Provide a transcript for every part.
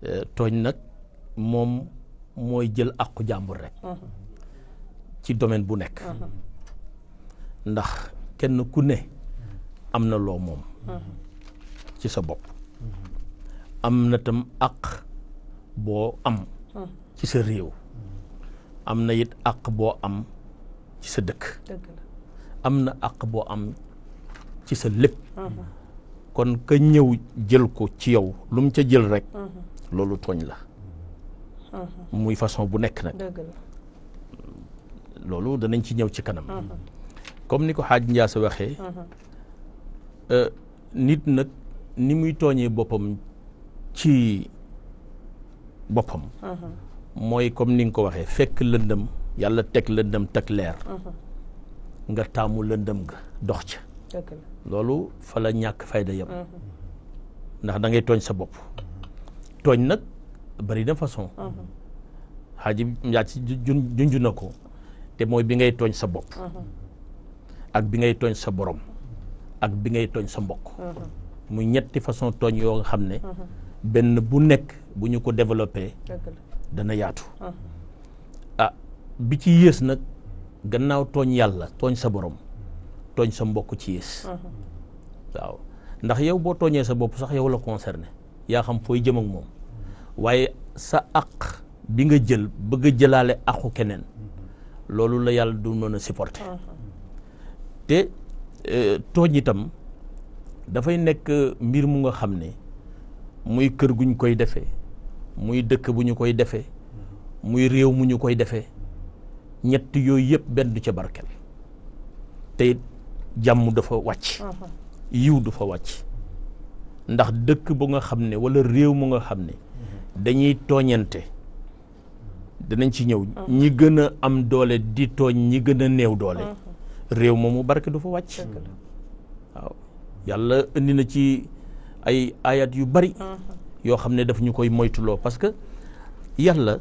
Euh, tooñ nag moom mooy jël àqu jàmbur rek ci domaine bu nekk ndax kenn ku ne am na loo moom ci sa bopp am na tam àq boo am ci sa réew am na it àq boo am ci sa dëkk am na àq boo am ci sa lépp kon ka ñëw jël ko ci yow lu mu ca jël rek mhm. loolu tooñ la mhm. muy façon bu nekk nag loolu danañ ci ñëw ci kanam mhm. comme ni ko xaaj sa waxee euh, nit nag ni muy tooñee boppam ci boppam mooy comme ni nga ko waxee fekk lëndëm yàlla teg lëndëm teg leer nga taamu lëndëm ga dox ca loolu fa la ñàkk fayda yam mhm. ndax da tooñ sa bopp tooñ nag bari na façon mhm. xaaji njaat si junj na ko te mooy bi ngay tooñ sa bopp mhm. ak bi ngay tooñ sa borom ak bi ngay tooñ sa mbokk mu ñetti façon tooñ yoo nga xam ne benn bu nekk bu ñu ko développé dana yaatu ah bi ci yées nag gannaaw tooñ yàlla tooñ sa borom tooñ sa mbokk ci yées mm-hmm. waaw ndax yow boo tooñee sa bopp sax yow la concerné yaa xam fooy jëm ak moom waaye sa aq bi nga jël bëgg jëlaale aqu keneen mm-hmm. loolu la yàlla du mën a supporter mm-hmm. te e, tooñ itam dafay nekk mbir mu nga xam ne muy kër guñ koy defee muy dëkk bu ñu koy defee muy réew mu ñu koy defee ñett yooyu yëpp benn ca barkel te jàmm dafa wàcc uh-huh. yiw du fa wàcc ndax dëkk bu nga xam ne walla réew mu nga xam ne uh-huh. dañuy tooñante danañ ci ñëw uh-huh. ñi gën a am doole di tooñ ñi gën a néew doole réew moomu barke du fa wàcc waaw yàlla indi na ci ay ayat yu bari yoo xam ne daf ñu koy moytuloo parce que yàlla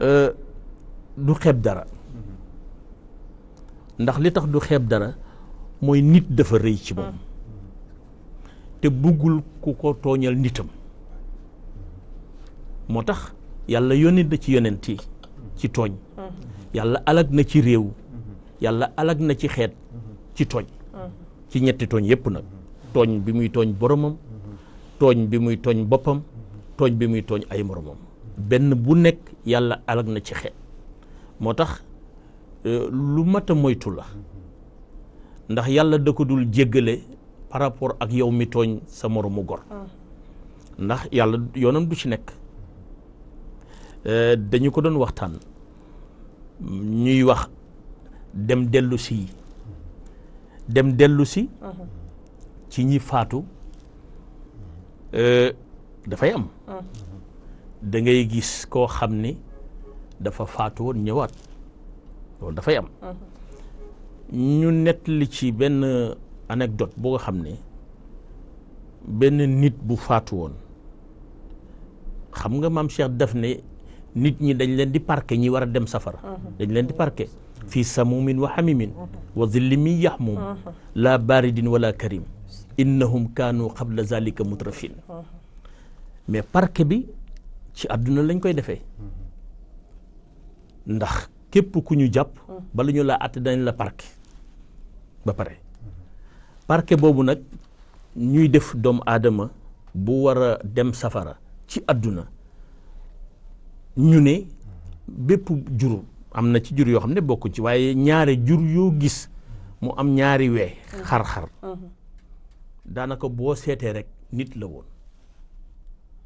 euh, du xeeb dara ndax li tax du xeeb dara mooy nit dafa rëy ci moom te buggul ku ko tooñal nitam moo tax yàlla yónni na ci yonent yi ci tooñ yàlla alag na ci réew yàlla alag na ci xeet ci tooñ ci ñetti tooñ yépp nag tooñ bi muy tooñ boromam tooñ bi muy tooñ boppam tooñ bi muy tooñ ay moromam benn bu nekk yàlla alag na ci xeet moo tax lu mat a moytu la ndax yàlla da ko dul jéggale par rapport ak yow mi tooñ sa moroomu gor ndax yàlla yoonam du ci nekk euh, dañu ko doon waxtaan ñuy wax dem dellu si dem dellu ci ñi faatu euh, dafay am ah. da ngay gis koo xam ni dafa faatu woon ñëwaat loolu dafay am ñu nettali ci benn anecdote boo nga xam ne benn nit bu faatu woon xam nga maam Cheikh def ne nit ñi dañ leen di parqué ñi war a dem safara dañ leen di parqué fii samumin wa hamimin wa zilli min yahmum la baridin wala karim innahum kaanu qabla zalika mutrafin mais parquet bi ci àdduna lañ koy defee ndax képp ku ñu jàpp mm. bala ñu la àtte dañ la park ba pare parquet boobu nag ñuy def doomu aadama bu war a dem safara ci àdduna ñu ne bépp jur am na ci jur yoo xam ne bokkuñ ci waaye ñaari jur yoo gis mu am ñaari wee mm. xar-xar mm-hmm. daanaka boo seetee rekk nit la woon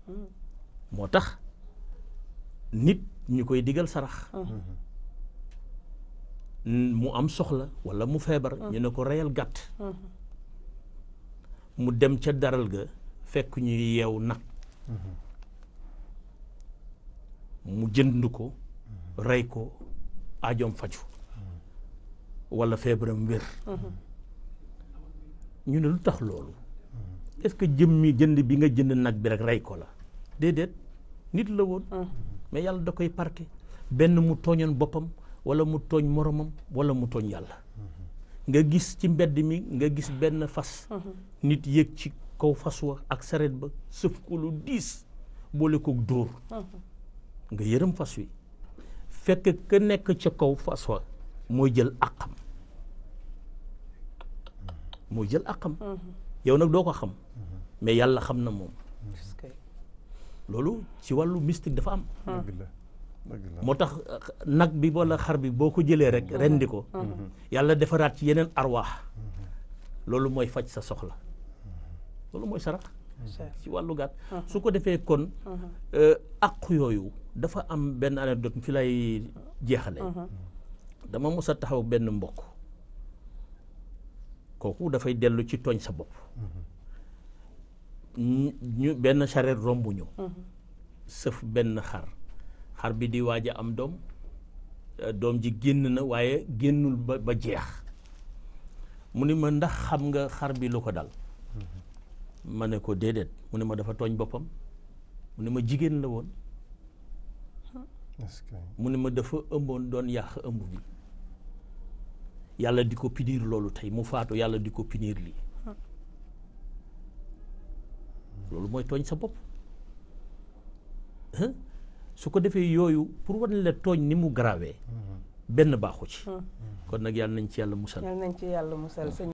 mm. moo tax nit ñu koy digal sarax mm-hmm. mu am soxla walla mu feebar mm. ñu ne ko reyal gàtt mm-hmm. mu dem ca daral ga fekk ñuy yeew nag mm-hmm. mu jënd ko mm-hmm. rey ko ajoom faju walla feebaram wér ñu ne lu tax loolu est-ce que jëmmi jënd bi nga jënd nag bi rek rey ko la déedéet nit la woon mais yàlla da koy parqué benn mu tooñoon boppam wala mu tooñ moromam wala mu tooñ yàlla nga gis ci mbedd mi nga gis benn fas nit yéeg ci kaw fas wa ak saret ba sëf ko lu diis boole koog dóor nga yërëm fas wi fekk ka nekk ca kaw fas wa mooy jël àqam mooy jël àqam yow nag doo ko xam mais yàlla xam na moom loolu ci wàllu mystique dafa am moo tax euh, nag bi wala xar bi boo ko jëlee rek mm-hmm. rendi ko mm-hmm. Mm-hmm. yàlla defaraat ci yeneen arwaax loolu mooy faj sa soxla loolu mooy sarax ci wàllu gàtt su ko defee kon euh, àqu yooyu dafa am benn anecdote fi lay jeexale dama mos a taxaw benn mbokk kooku dafay dellu ci tooñ sa bopp ñu benn charrette romb sëf benn xar xar bi di waaj a am doom euh, doom ji génn na waaye génnul ba ba jeex mu ni ma ndax xam nga xar bi lu ko dal ma ne ko déedéet mu ne ma dafa tooñ boppam mu ne ma jigéen la woon mu ne ma dafa ëmboon doon yàq ëmb bi yàlla di ko piniir loolu tey mu faatu yàlla di ko piniir lii loolu mooy tooñ sa bopp su ko defee yooyu pour wan la tooñ ni mu grave mm-hmm. benn baaxu ci mm-hmm. kon nag yàlla nañ ci yàlla musal yàlla nañ ci yàlla musal